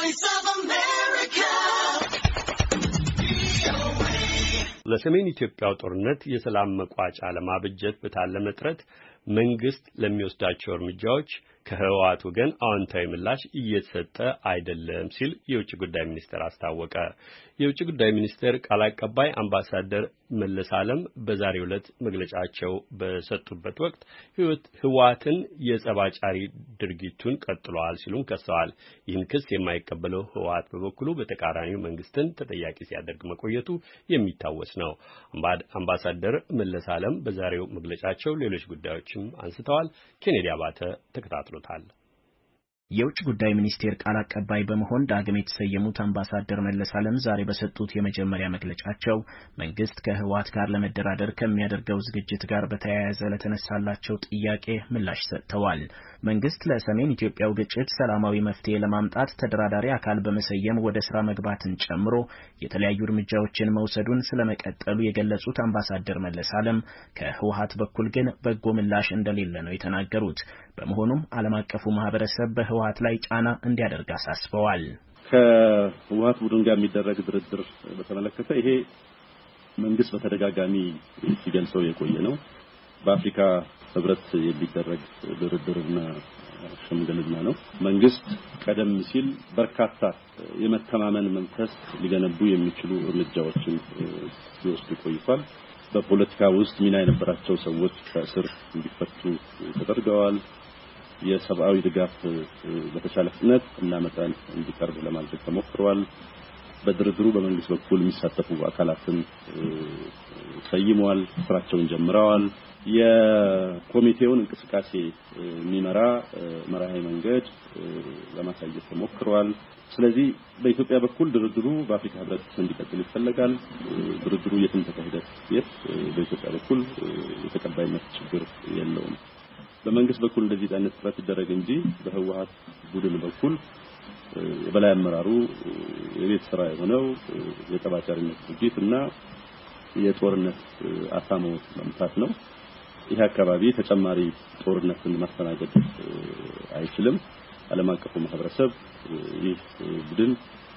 Voice of ለሰሜን ኢትዮጵያው ጦርነት የሰላም መቋጫ ለማበጀት በታለመ ጥረት መንግስት ለሚወስዳቸው እርምጃዎች ከህወሓት ወገን አዎንታዊ ምላሽ እየተሰጠ አይደለም ሲል የውጭ ጉዳይ ሚኒስቴር አስታወቀ። የውጭ ጉዳይ ሚኒስቴር ቃል አቀባይ አምባሳደር መለስ አለም በዛሬው ዕለት መግለጫቸው በሰጡበት ወቅት ህወሓትን የጸባጫሪ ድርጊቱን ቀጥሏል ሲሉም ከሰዋል። ይህን ክስ የማይቀበለው ህወሓት በበኩሉ በተቃራኒው መንግስትን ተጠያቂ ሲያደርግ መቆየቱ የሚታወስ ነው። አምባሳደር መለስ አለም በዛሬው መግለጫቸው ሌሎች ጉዳዮች ጉዳዮችም አንስተዋል። ኬኔዲ አባተ ተከታትሎታል። የውጭ ጉዳይ ሚኒስቴር ቃል አቀባይ በመሆን ዳግም የተሰየሙት አምባሳደር መለስ አለም ዛሬ በሰጡት የመጀመሪያ መግለጫቸው መንግስት ከህወሓት ጋር ለመደራደር ከሚያደርገው ዝግጅት ጋር በተያያዘ ለተነሳላቸው ጥያቄ ምላሽ ሰጥተዋል። መንግስት ለሰሜን ኢትዮጵያው ግጭት ሰላማዊ መፍትሄ ለማምጣት ተደራዳሪ አካል በመሰየም ወደ ስራ መግባትን ጨምሮ የተለያዩ እርምጃዎችን መውሰዱን ስለመቀጠሉ የገለጹት አምባሳደር መለስ አለም ከህወሀት በኩል ግን በጎ ምላሽ እንደሌለ ነው የተናገሩት። በመሆኑም ዓለም አቀፉ ማህበረሰብ በህወሀት ላይ ጫና እንዲያደርግ አሳስበዋል። ከህወሀት ቡድን ጋር የሚደረግ ድርድር በተመለከተ ይሄ መንግስት በተደጋጋሚ ሲገልጸው የቆየ ነው። በአፍሪካ ህብረት የሚደረግ ድርድርና ሽምግልና ነው። መንግስት ቀደም ሲል በርካታ የመተማመን መንፈስ ሊገነቡ የሚችሉ እርምጃዎችን ሲወስድ ቆይቷል። በፖለቲካ ውስጥ ሚና የነበራቸው ሰዎች ከእስር እንዲፈቱ ተደርገዋል። የሰብአዊ ድጋፍ በተቻለ ፍጥነት እና መጠን እንዲቀርብ ለማድረግ ተሞክሯል። በድርድሩ በመንግስት በኩል የሚሳተፉ አካላትን ሰይመዋል ስራቸውን ጀምረዋል። የኮሚቴውን እንቅስቃሴ የሚመራ መርሃዊ መንገድ ለማሳየት ተሞክሯል። ስለዚህ በኢትዮጵያ በኩል ድርድሩ በአፍሪካ ህብረት እንዲቀጥል ይፈለጋል። ድርድሩ የትም ተካሄደ የት በኢትዮጵያ በኩል የተቀባይነት ችግር የለውም። በመንግስት በኩል እንደዚህ አይነት ጥረት ይደረግ እንጂ በህወሀት ቡድን በኩል የበላይ አመራሩ የቤት ስራ የሆነው የጠባጫሪነት ድርጊት እና የጦርነት አሳማዎች መምታት ነው። ይህ አካባቢ ተጨማሪ ጦርነትን ማስተናገድ አይችልም። ዓለም አቀፉ ማህበረሰብ ይህ ቡድን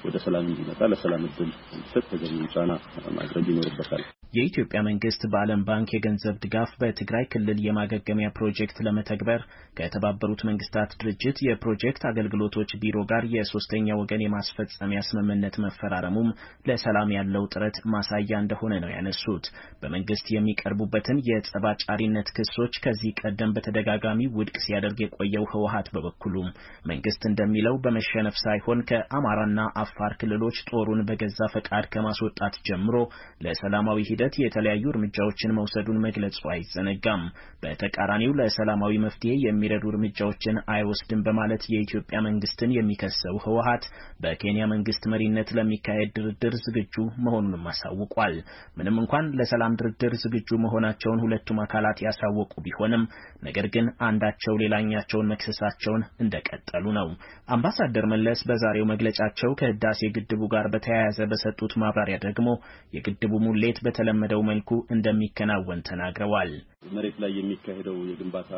ወደ ሰላም እንዲመጣ ለሰላም እድል እንዲሰጥ ተገቢውን ጫና ማድረግ ይኖርበታል። የኢትዮጵያ መንግስት በዓለም ባንክ የገንዘብ ድጋፍ በትግራይ ክልል የማገገሚያ ፕሮጀክት ለመተግበር ከተባበሩት መንግስታት ድርጅት የፕሮጀክት አገልግሎቶች ቢሮ ጋር የሶስተኛ ወገን የማስፈጸሚያ ስምምነት መፈራረሙም ለሰላም ያለው ጥረት ማሳያ እንደሆነ ነው ያነሱት። በመንግስት የሚቀርቡበትን የጸባጫሪነት ክሶች ከዚህ ቀደም በተደጋጋሚ ውድቅ ሲያደርግ የቆየው ህወሀት በበኩሉም መንግስት እንደሚለው በመሸነፍ ሳይሆን ከአማራና አፋር ክልሎች ጦሩን በገዛ ፈቃድ ከማስወጣት ጀምሮ ለሰላማዊ ሂደት ሂደት የተለያዩ እርምጃዎችን መውሰዱን መግለጹ አይዘነጋም። በተቃራኒው ለሰላማዊ መፍትሄ የሚረዱ እርምጃዎችን አይወስድም በማለት የኢትዮጵያ መንግስትን የሚከሰው ህወሀት በኬንያ መንግስት መሪነት ለሚካሄድ ድርድር ዝግጁ መሆኑንም አሳውቋል። ምንም እንኳን ለሰላም ድርድር ዝግጁ መሆናቸውን ሁለቱም አካላት ያሳወቁ ቢሆንም ነገር ግን አንዳቸው ሌላኛቸውን መክሰሳቸውን እንደቀጠሉ ነው። አምባሳደር መለስ በዛሬው መግለጫቸው ከህዳሴ ግድቡ ጋር በተያያዘ በሰጡት ማብራሪያ ደግሞ የግድቡ ሙሌት በተለ በተለመደው መልኩ እንደሚከናወን ተናግረዋል። መሬት ላይ የሚካሄደው የግንባታ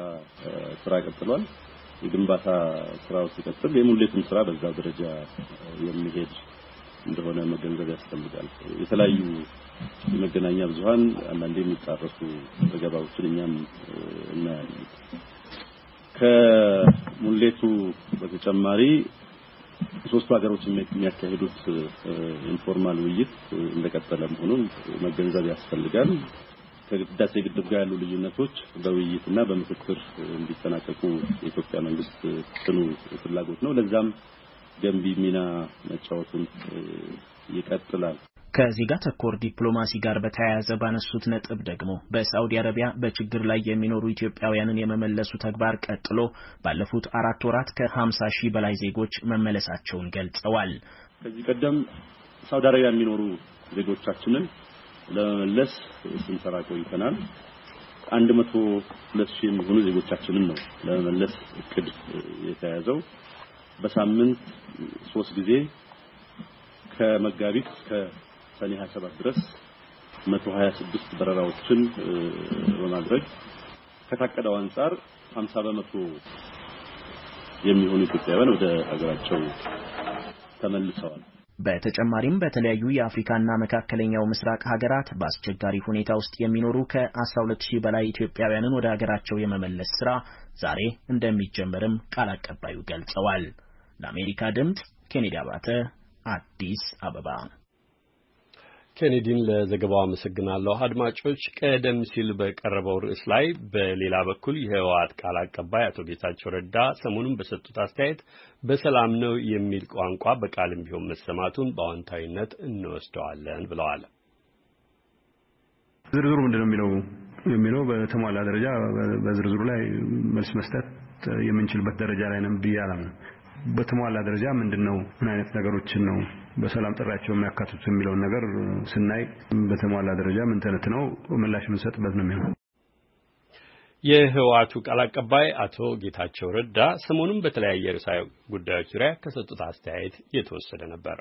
ስራ ቀጥሏል። የግንባታ ስራው ሲቀጥል የሙሌቱን ስራ በዛው ደረጃ የሚሄድ እንደሆነ መገንዘብ ያስፈልጋል። የተለያዩ የመገናኛ ብዙኃን አንዳንዴ የሚጣረሱ ዘገባዎችን እኛም እናያለን። ከሙሌቱ በተጨማሪ ሶስቱ ሀገሮች የሚያካሂዱት ኢንፎርማል ውይይት እንደቀጠለ መሆኑን መገንዘብ ያስፈልጋል። ከህዳሴ ግድብ ጋር ያሉ ልዩነቶች በውይይትና በምክክር እንዲጠናቀቁ የኢትዮጵያ መንግስት ጽኑ ፍላጎት ነው። ለዛም ገንቢ ሚና መጫወቱን ይቀጥላል። ከዜጋ ተኮር ዲፕሎማሲ ጋር በተያያዘ ባነሱት ነጥብ ደግሞ በሳዑዲ አረቢያ በችግር ላይ የሚኖሩ ኢትዮጵያውያንን የመመለሱ ተግባር ቀጥሎ ባለፉት አራት ወራት ከ50 ሺህ በላይ ዜጎች መመለሳቸውን ገልጸዋል። ከዚህ ቀደም ሳዑዲ አረቢያ የሚኖሩ ዜጎቻችንን ለመመለስ ስንሰራ ቆይተናል። አንድ መቶ ሁለት ሺህ የሚሆኑ ዜጎቻችንን ነው ለመመለስ እቅድ የተያዘው። በሳምንት ሶስት ጊዜ ከመጋቢት እስከ ሰኔ 27 ድረስ 126 በረራዎችን በማድረግ ከታቀደው አንጻር 50 በመቶ የሚሆኑ ኢትዮጵያውያን ወደ ሀገራቸው ተመልሰዋል። በተጨማሪም በተለያዩ የአፍሪካና መካከለኛው ምስራቅ ሀገራት በአስቸጋሪ ሁኔታ ውስጥ የሚኖሩ ከ12 ሺህ በላይ ኢትዮጵያውያንን ወደ ሀገራቸው የመመለስ ስራ ዛሬ እንደሚጀመርም ቃል አቀባዩ ገልጸዋል። ለአሜሪካ ድምፅ ኬኔዲ አባተ አዲስ አበባ ኬኔዲን ለዘገባው አመሰግናለሁ። አድማጮች፣ ቀደም ሲል በቀረበው ርዕስ ላይ በሌላ በኩል የህወሓት ቃል አቀባይ አቶ ጌታቸው ረዳ ሰሞኑን በሰጡት አስተያየት በሰላም ነው የሚል ቋንቋ በቃልም ቢሆን መሰማቱን በአዎንታዊነት እንወስደዋለን ብለዋል። ዝርዝሩ ምንድን ነው የሚለው የሚለው በተሟላ ደረጃ በዝርዝሩ ላይ መልስ መስጠት የምንችልበት ደረጃ ላይ ነው ብዬ አላምንም። በተሟላ ደረጃ ምንድን ነው ምን አይነት ነገሮችን ነው በሰላም ጥሪያቸው የሚያካትቱት የሚለውን ነገር ስናይ በተሟላ ደረጃ ተነት ነው ምላሽ የምንሰጥበት ነው የሚሆነው። የህወሓቱ ቃል አቀባይ አቶ ጌታቸው ረዳ ሰሞኑን በተለያየ ርዕሰ ጉዳዮች ዙሪያ ከሰጡት አስተያየት የተወሰደ ነበር።